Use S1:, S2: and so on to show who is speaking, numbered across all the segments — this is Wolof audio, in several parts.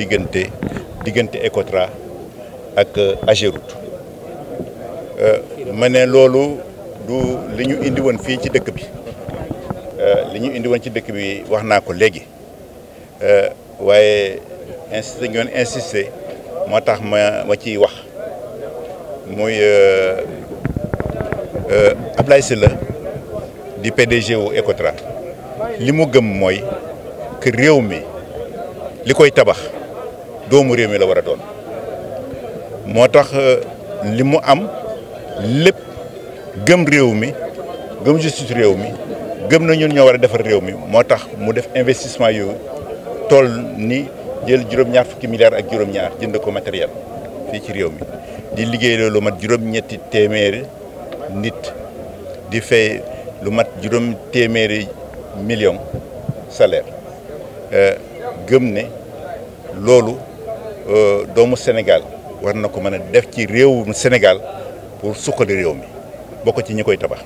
S1: diggante diggante Ecotra ak euh, Ageroute euh, ma loolu du li ñu indi fii ci dëkk bi euh, li ñu indi ci dëkk bi wax naa ko léegi waaye insisté ngeen insisté moo tax ma ma ciy wax muy Ablaye Sylla di PDG wu Ecotra li mu gëm mooy que réew mi li tabax doomu réew mi la war a doon moo tax euh, li mu am lépp gëm réew mi gëm justice réew mi gëm na ñun ñoo war a defar réew mi moo tax mu def investissement yooyu tool ni jël juróom-ñaar fukki milliards ak juróom-ñaar jënd ko matériel fii ci réew mi di liggéey loolu mat juróom-ñetti téeméeri nit di fay lu mat juróom téeméeri million salaire euh, gëm ne loolu Euh, doomu Sénégal war na ko mën a def ci réewum Sénégal pour suqali réew mi bokk ci ñu koy tabax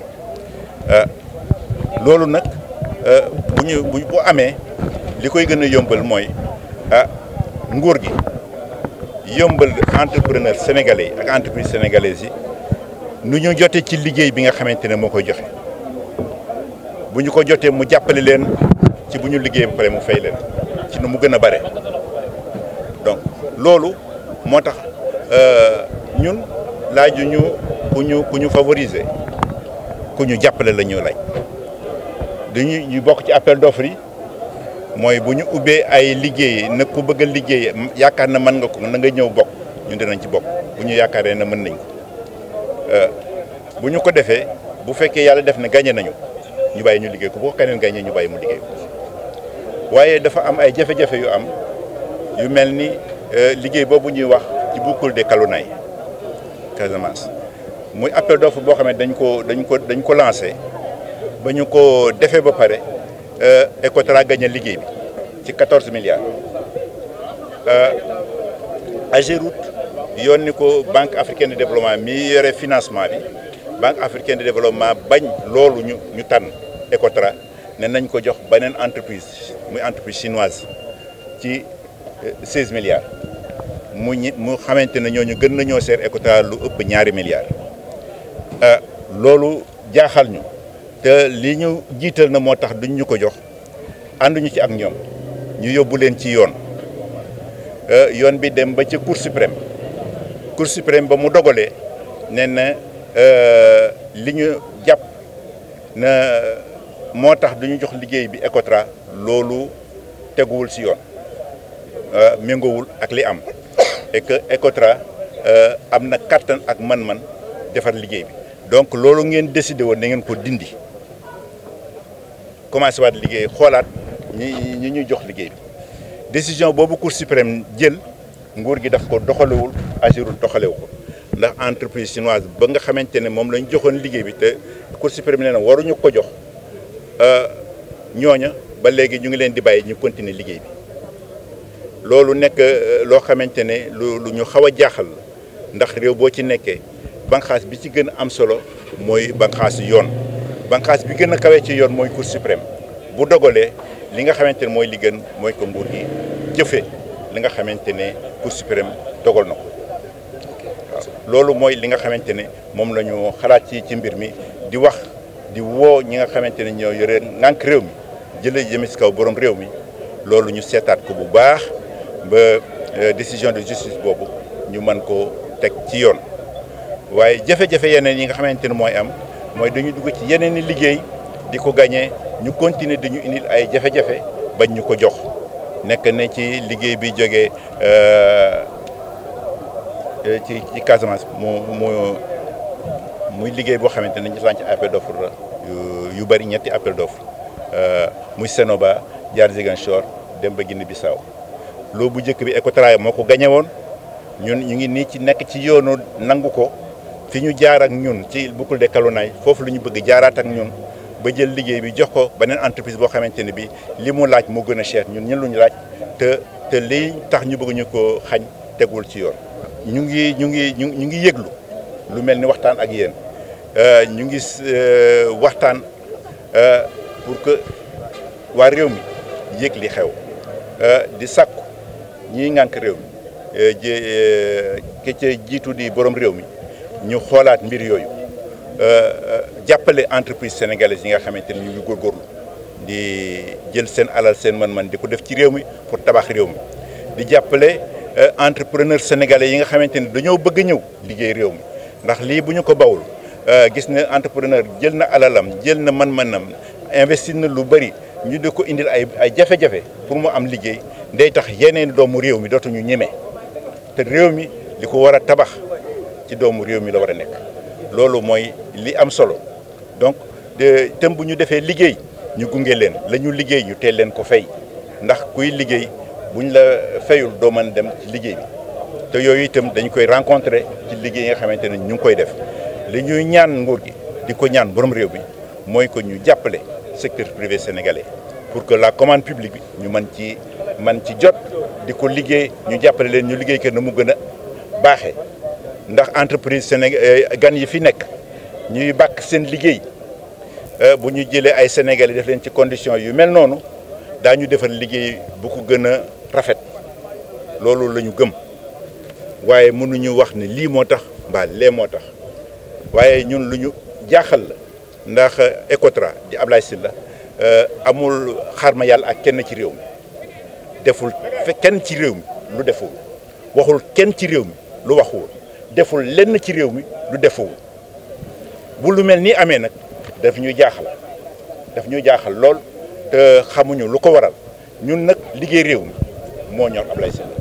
S1: euh, loolu nag euh, bu ñu bu amee li koy gën a yombal mooy ah nguur gi yombal entrepreneur sénégalais yi ak entreprise sénégalaise yi nu ñu jotee ci liggéey bi nga xamante ne moo koy joxe bu ñu ko jotee mu jàppale leen ci bu ñu liggéey ba pare mu fay leen ci nu mu gën a bare. loolu moo tax euh, ñun laaj ñu ku ñu ku ñu favoriser ku ñu jàppale la ñu laaj dañuy ñu bokk ci appel d'offre yi mooy bu ñu ubbee ay liggéey nag ku bëgg a liggéey yaakaar na mën nga ko na nga ñëw bokk ñun dinañ ci bokk bu ñu yaakaaree na mën nañ ko euh, bu ñu ko defee bu fekkee yàlla def na gagné nañu ñu bàyyi ñu liggéey ko bu ko keneen gagné ñu bàyyi mu liggéey waaye dafa am ay jafe-jafe yu am yu mel ni Euh, liggéey boobu ñuy wax ci boucle de Kalounay Casamance muy appel d'offre boo xam ne dañ ko dañ ko dañ ko ba ñu ko defee ba pare euh, Ecotra gagné liggéey bi ci quatorze milliards euh, Ageroute yónni ko banque africaine de développement mi yore financement bi banque africaine de développement bañ loolu ñu ñu tànn Ecotra ne nañ ko jox beneen entreprise muy entreprise chinoise ci seize milliards mu ñi mu xamante ne ñooñu gën nañoo seer Ecotra lu ëpp ñaari milliards euh, loolu jaaxal ñu te li ñu jiital na moo tax duñ ñu ko jox ànduñu ci ak ñoom ñu yóbbu leen ci yoon euh, yoon bi dem ba ci Cour suprême Cour suprême ba mu dogalee nee euh, li ñu jàpp na moo tax duñu jox liggéey bi Ecotra loolu teguwul si yoon Euh, méngoowul ak li am et que ECOTRA euh, am na kattan ak man-man defar liggéey bi donc loolu ngeen décidé woon na ngeen ko dindi commencé waat liggéey xoolaat ñi ñi ñuy jox liggéey bi décision boobu Cour suprême jël nguur gi daf ko doxalewul agirul doxalewu ko ndax entreprise chinoise ba nga xamante ne moom lañ joxoon liggéey bi te Cour suprême nee na waruñu ko jox euh, ñooña ba léegi ñu ngi leen di bàyyi ñu continuer liggéey bi loolu nekk euh, loo xamante ne lu lu ñu xaw a jaaxal ndax réew boo ci nekkee banqaas bi ci gën a am solo mooy banqaas yoon banqaas bi gën a kawee ci yoon mooy cour suprême bu dogalee li nga xamante ne mooy li gën mooy ko gi jëfe li nga xamante ne cour suprême dogal na ko loolu mooy li nga xamante ne moom la ñu xalaat ci ci mbir mi di wax di woo ñi nga xamante ne ñoo yore ngànk réew mi jëlee jëme si kaw borom réew mi loolu ñu seetaat ko bu baax ba euh, décision de justice boobu ñu mën koo teg ci yoon waaye jafe-jafe yeneen yi nga xamante ni mooy am mooy dañu dugg ci yeneen i liggéey di ko gañee ñu continuer dañu indil ay jafe-jafe bañ ñu ko jox nekk na ci liggéey bi jógee euh, euh, ci ci Casamance mu mu muy liggéey boo xamante ne ñu sànc appel d'offre la yu bëri ñetti appel d'offre muy Sénoba jaar Ziguinchor dem ba Guinée Bissau loo bu njëkk bi Ecotra moo ko gañe woon ñun ñu ngi nii ci nekk ci yoonu nangu ko fi ñu jaar ñun ci Boucle de Kalounayes foofu lu ñu bëgg jaaraat ak ñun ba jël liggéey bi jox ko beneen entreprise boo xamante ne bi li mu laaj moo gën a cher ñun ñun lu ñu laaj te te lii tax ñu bëgg ñu ko xañ tegul ci yoon. ñu ngi ñu ngi ñu ñu ngi yëglu lu mel ni waxtaan ak yéen euh, ñu ngi euh, waxtaan euh, pour que waa réew mi yëg li xew di sàkku ñii ngànk réew mi eh, eh, ke ca jiitu di borom réew mi ñu xoolaat mbir yooyu eh, jàppale entreprise sénégalaise yi nga xamante ni ñu ngi góorgóorlu di jël seen alal seen man man di ko def ci réew mi pour tabax réew mi di jàppale entrepreneur sénégalais yi nga xamante ni dañoo bëgg ñëw liggéey réew mi ndax lii bu ñu ko bawul gis na entrepreneur jël na alalam jël na man mënam investir na lu bëri ñu di ko indil ay ay jafe-jafe pour mu am liggéey day tax yeneen doomu réew mi dootuñu ñeme te réew mi li ko war a tabax ci doomu réew mi la war a nekk loolu mooy li am solo donc de tëm bu ñu defee liggéey ñu gunge leen la ñu liggéey ñu teel leen ko fay ndax kuy liggéey bu buñ la fayul dooman dem ci liggéey bi te yooyu itam dañ koy rencontrer ci liggéey nga xamante ne ñu ngi koy def li ñuy ñaan nguur gi di ko ñaan borom réew bi mooy ko ñu jàppale secteur privé sénégalais pour que la commande bi ñu mën ci man ci jot di ko liggéey ñu jàppale leen ñu liggéey ko na mu gën a baaxee ndax entreprise Sénégal euh, gan yi fi nekk ñuy bàkk seen liggéey euh, bu ñu jëlee ay sénégal yi def leen ci condition yu mel noonu daañu defar liggéey bu ko gën a rafet loolu la ñu gëm waaye mënuñu wax ni lii moo tax mbaa lee moo tax waaye ñun lu ñu jaaxal la ndax euh, Ecotra di Ablaye Sylla amul xar ma yàlla ak kenn ci réew mi deful kenn ci réew mi lu defoo waxul kenn ci réew mi lu waxoo deful lenn ci réew mi lu defoo bu lu mel ni amee nag daf ñuy jaaxal daf ñu jaaxal lool te xamuñu lu ko waral ñun nag liggéey réew mi moo ñor Ablaye Sylla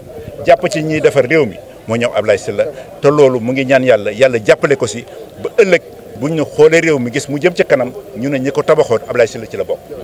S1: jàpp ci ñiy defar réew mi moo ñor Ablaye la te loolu mu ngi ñaan yàlla yàlla jàppale ko si ba ëllëg buñ ñu xoolee réew mi gis mu jëm ca kanam ñu ne ñi ko tabaxoon Ablaye la ci la bokk.